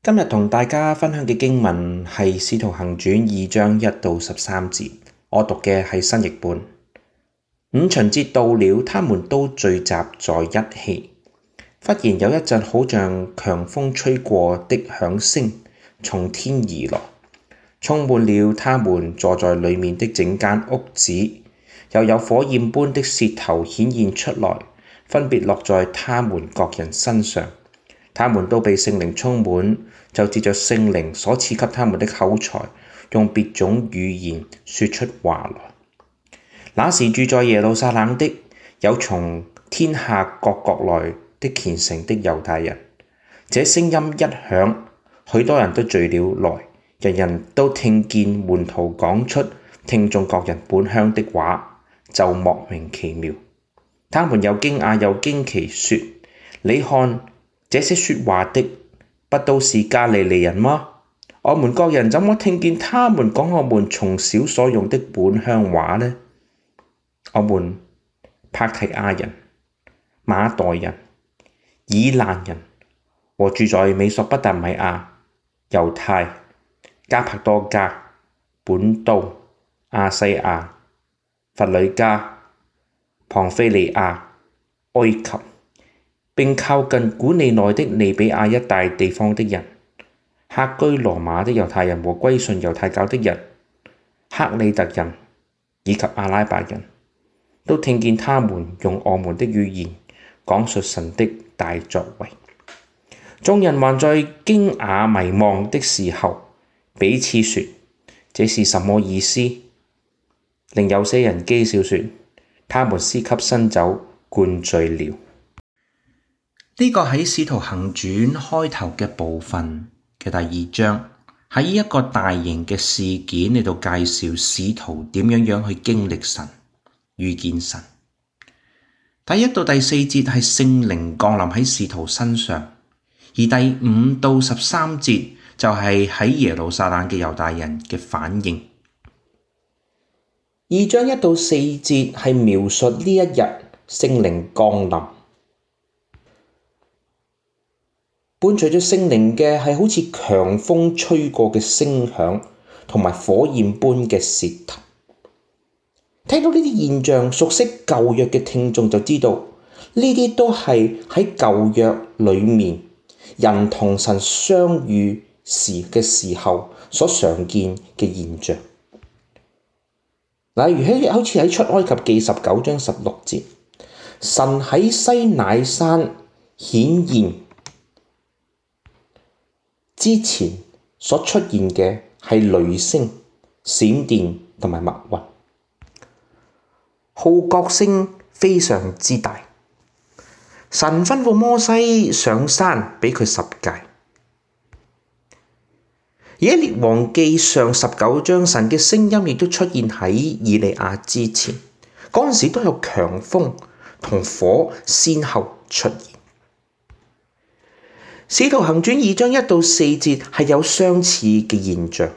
今日同大家分享嘅經文係《使徒行傳》二章一到十三節，我讀嘅係新譯本。五旬節到了，他們都聚集在一起。忽然有一陣好像強風吹過的響聲從天而落，充滿了他們坐在裏面的整間屋子，又有火焰般的舌頭顯現出來，分別落在他們各人身上。他們都被聖靈充滿，就藉着聖靈所賜給他們的口才，用別種語言說出話來。那時住在耶路撒冷的，有從天下各國來的虔誠的猶太人。這聲音一響，許多人都聚了來，人人都聽見門徒講出聽眾各人本鄉的話，就莫名其妙。他們又驚訝又驚奇，說：你看！這些説話的不都是加利利人嗎？我們各人怎麼聽見他們講我們從小所用的本鄉話呢？我們帕提亞人、馬代人、以攔人和住在美索不達米亞、猶太、加帕多加、本都、亞西亞、弗呂家、旁非利亞、埃及。並靠近古利內的利比亞一帶地方的人，客居羅馬的猶太人和歸信猶太教的人、克里特人以及阿拉伯人都聽見他們用我們的語言講述神的大作為。眾人還在驚訝迷惘的時候，彼此説：這是什麼意思？另有些人譏笑說：他們是給新酒灌醉了。呢個喺《使徒行傳》開頭嘅部分嘅第二章，喺一個大型嘅事件裏度介紹使徒點樣樣去經歷神、遇見神。第一到第四節係聖靈降臨喺使徒身上，而第五到十三節就係喺耶路撒冷嘅猶大人嘅反應。二章一到四節係描述呢一日聖靈降臨。伴隨著聖靈嘅係好似強風吹過嘅聲響，同埋火焰般嘅舌頭。聽到呢啲現象，熟悉舊約嘅聽眾就知道呢啲都係喺舊約裏面人同神相遇時嘅時候所常見嘅現象。例如好似喺出埃及記十九章十六節，神喺西乃山顯現。之前所出現嘅係雷聲、閃電同埋密雲，號角聲非常之大。神吩咐摩西上山，畀佢十誡。而喺列王記上十九章，神嘅聲音亦都出現喺以利亞之前。嗰陣時都有強風同火先後出現。使徒行傳二章一到四節係有相似嘅現象，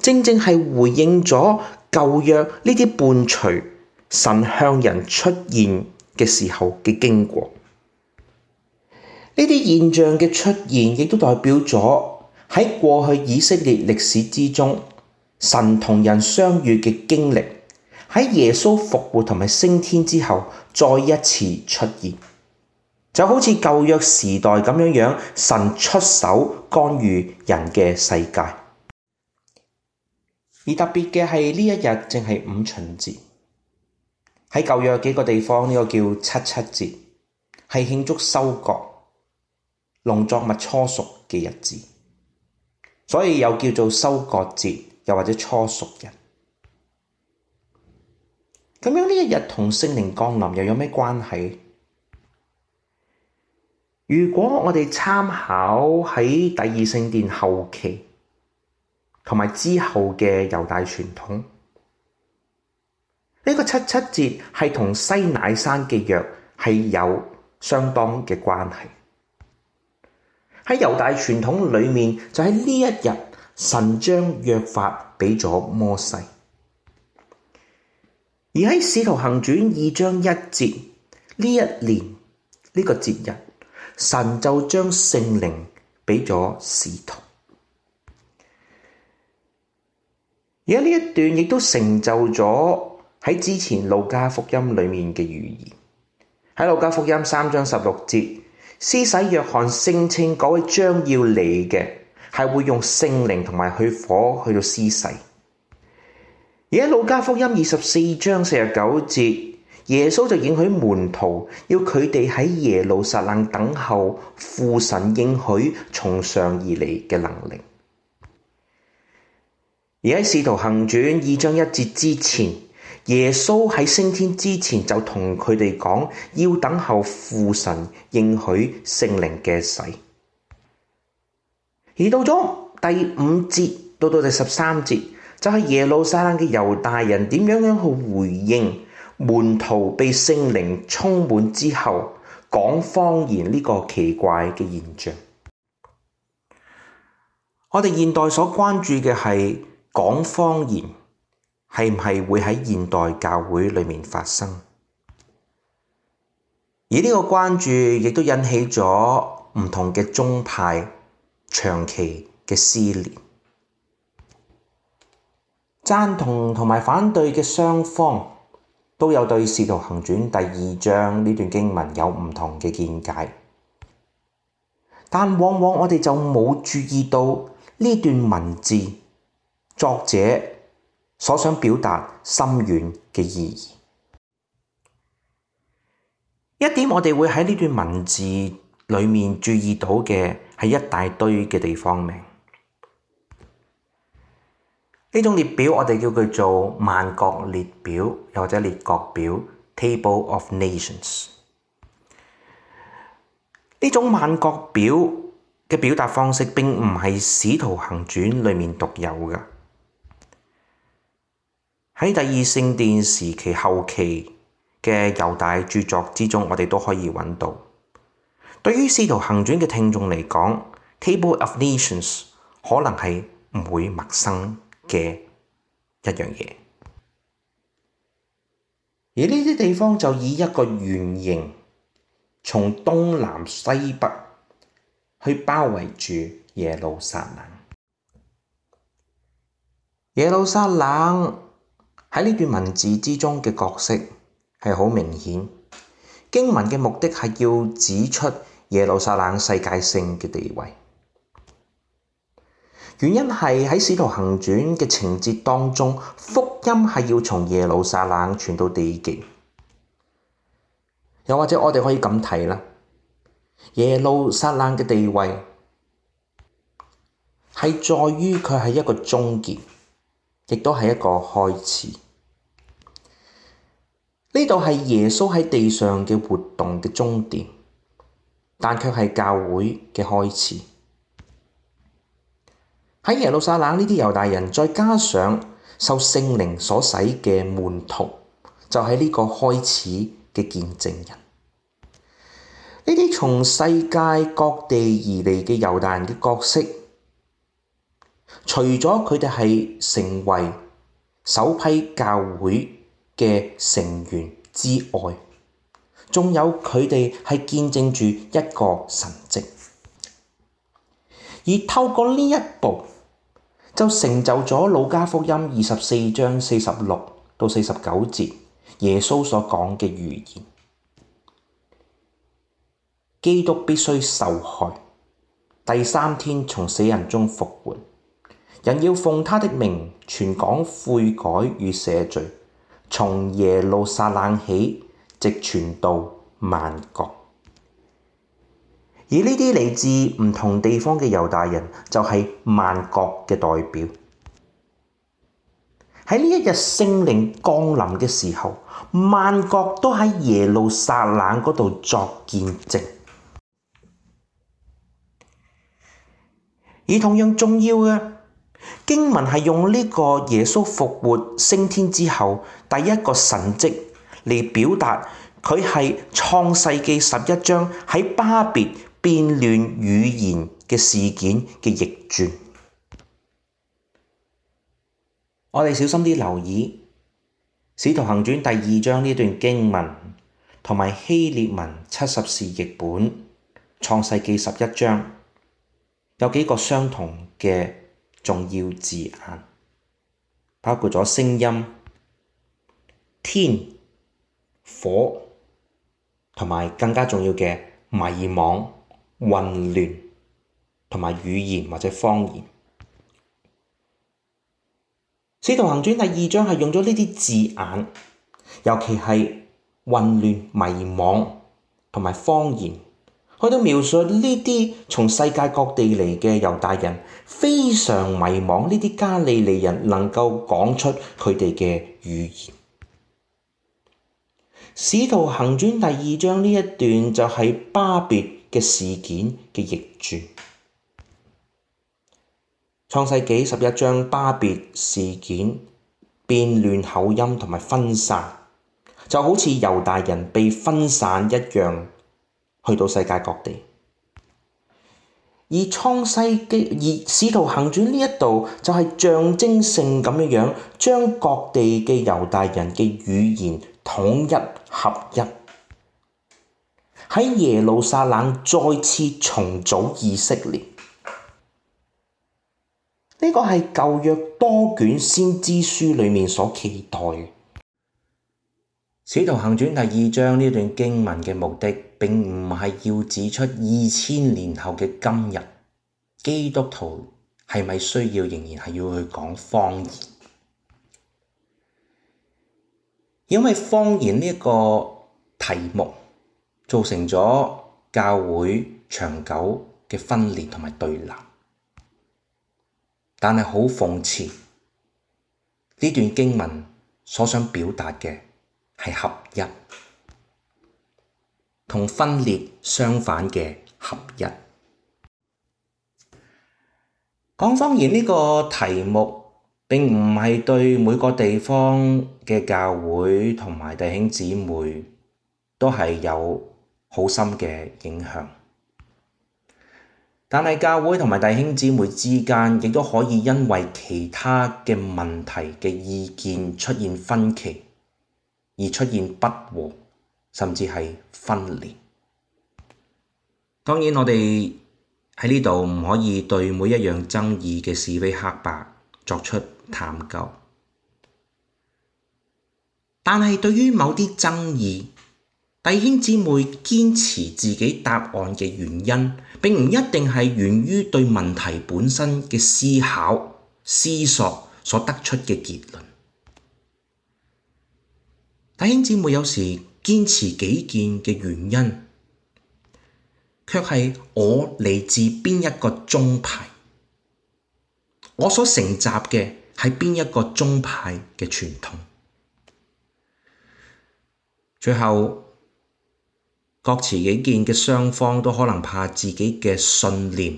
正正係回應咗舊約呢啲伴隨神向人出現嘅時候嘅經過。呢啲現象嘅出現，亦都代表咗喺過去以色列歷史之中，神同人相遇嘅經歷，喺耶穌復活同埋升天之後，再一次出現。就好似舊約時代咁樣樣，神出手干預人嘅世界。而特別嘅係呢一日正係五旬節。喺舊約幾個地方呢個叫七七節，係慶祝收割農作物初熟嘅日子，所以又叫做收割節，又或者初熟日。咁樣呢一日同聖靈降臨又有咩關係？如果我哋參考喺第二聖殿後期同埋之後嘅猶大傳統，呢、這個七七節係同西乃山嘅約係有相當嘅關係。喺猶大傳統裡面，就喺呢一日神將約法畀咗摩西，而喺《使徒行傳》二章一節呢一年呢、這個節日。神就將聖靈畀咗使徒。而喺呢一段亦都成就咗喺之前《路加福音》裡面嘅預言。喺《路加福音》三章十六節，施洗約翰聲稱嗰位將要嚟嘅係會用聖靈同埋去火去到施洗。而喺《路加福音》二十四章四十九節。耶穌就應許門徒，要佢哋喺耶路撒冷等候父神應許從上而嚟嘅能力。而喺《使徒行傳》二章一節之前，耶穌喺升天之前就同佢哋講，要等候父神應許聖靈嘅洗。而到咗第五節到到第十三節，就係耶路撒冷嘅猶大人點樣樣去回應。門徒被聖靈充滿之後講方言呢個奇怪嘅現象，我哋現代所關注嘅係講方言係唔係會喺現代教會裏面發生？而呢個關注亦都引起咗唔同嘅宗派長期嘅撕裂，贊同同埋反對嘅雙方，都有對《使徒行傳》第二章呢段經文有唔同嘅見解，但往往我哋就冇注意到呢段文字作者所想表達深遠嘅意義。一點我哋會喺呢段文字裏面注意到嘅係一大堆嘅地方名。呢種列表我哋叫佢做萬國列表，又或者列國表 （Table of Nations）。呢種萬國表嘅表達方式並唔係《使徒行傳》裏面獨有嘅，喺第二聖殿時期後期嘅猶大著作之中，我哋都可以揾到。對於《使徒行傳》嘅聽眾嚟講，Table of Nations 可能係唔會陌生。嘅一樣嘢，而呢啲地方就以一個圓形從東南西北去包圍住耶路撒冷。耶路撒冷喺呢段文字之中嘅角色係好明顯，經文嘅目的係要指出耶路撒冷世界性嘅地位。原因係喺《使徒行傳》嘅情節當中，福音係要從耶路撒冷傳到地極。又或者我哋可以咁睇啦，耶路撒冷嘅地位係在於佢係一個終結，亦都係一個開始。呢度係耶穌喺地上嘅活動嘅終點，但卻係教會嘅開始。喺耶路撒冷呢啲猶大人，再加上受聖靈所使嘅門徒，就係、是、呢個開始嘅見證人。呢啲從世界各地而嚟嘅猶大人嘅角色，除咗佢哋係成為首批教會嘅成員之外，仲有佢哋係見證住一個神蹟。而透過呢一步，就成就咗《路加福音》二十四章四十六到四十九節耶穌所講嘅預言：基督必須受害，第三天從死人中復活，人要奉他的名傳講悔改與赦罪，從耶路撒冷起，直傳到萬國。而呢啲嚟自唔同地方嘅猶大人就係萬國嘅代表。喺呢一日聖靈降臨嘅時候，萬國都喺耶路撒冷嗰度作見證。而同樣重要嘅經文係用呢個耶穌復活升天之後第一個神跡嚟表達佢係創世記十一章喺巴別變亂語言嘅事件嘅逆轉，我哋小心啲留意《使徒行傳》第二章呢段經文，同埋希臘文七十士譯本《創世記》十一章，有幾個相同嘅重要字眼，包括咗聲音、天、火，同埋更加重要嘅迷惘。混亂同埋語言或者方言，《使徒行傳》第二章係用咗呢啲字眼，尤其係混亂、迷惘同埋方言，去到描述呢啲從世界各地嚟嘅猶太人非常迷惘。呢啲加利利人能夠講出佢哋嘅語言，《使徒行傳》第二章呢一段就係巴別。嘅事件嘅逆轉，創世紀十一章巴別事件變亂口音同埋分散，就好似猶大人被分散一樣，去到世界各地。而創世紀而使徒行傳呢一度就係、是、象徵性咁嘅樣，將各地嘅猶大人嘅語言統一合一，喺耶路撒冷再次重組以色列，呢個係舊約多卷先知書裡面所期待嘅。使徒行傳第二章呢段經文嘅目的，並唔係要指出二千年後嘅今日，基督徒係咪需要仍然係要去講方言，因為方言呢個題目。造成咗教會長久嘅分裂同埋對立，但係好諷刺。呢段經文所想表達嘅係合一，同分裂相反嘅合一。講方言呢個題目並唔係對每個地方嘅教會同埋弟兄姊妹都係有好深嘅影響，但係教會同埋弟兄姊妹之間，亦都可以因為其他嘅問題嘅意見出現分歧，而出現不和，甚至係分裂。當然，我哋喺呢度唔可以對每一樣爭議嘅是非黑白作出探究，但係對於某啲爭議，弟兄姊妹堅持自己答案嘅原因，並唔一定係源於對問題本身嘅思考、思索所得出嘅結論。弟兄姊妹有時堅持己見嘅原因，却係我嚟自邊一個宗派，我所承襲嘅係邊一個宗派嘅傳統。最後。各持己見嘅雙方都可能怕自己嘅信念、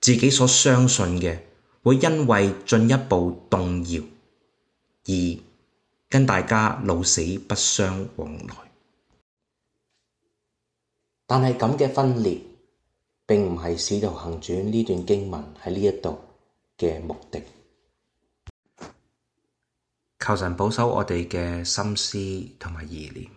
自己所相信嘅會因為進一步動搖而跟大家老死不相往來。但係咁嘅分裂，並唔係使徒行傳呢段經文喺呢一度嘅目的。求神保守我哋嘅心思同埋意念。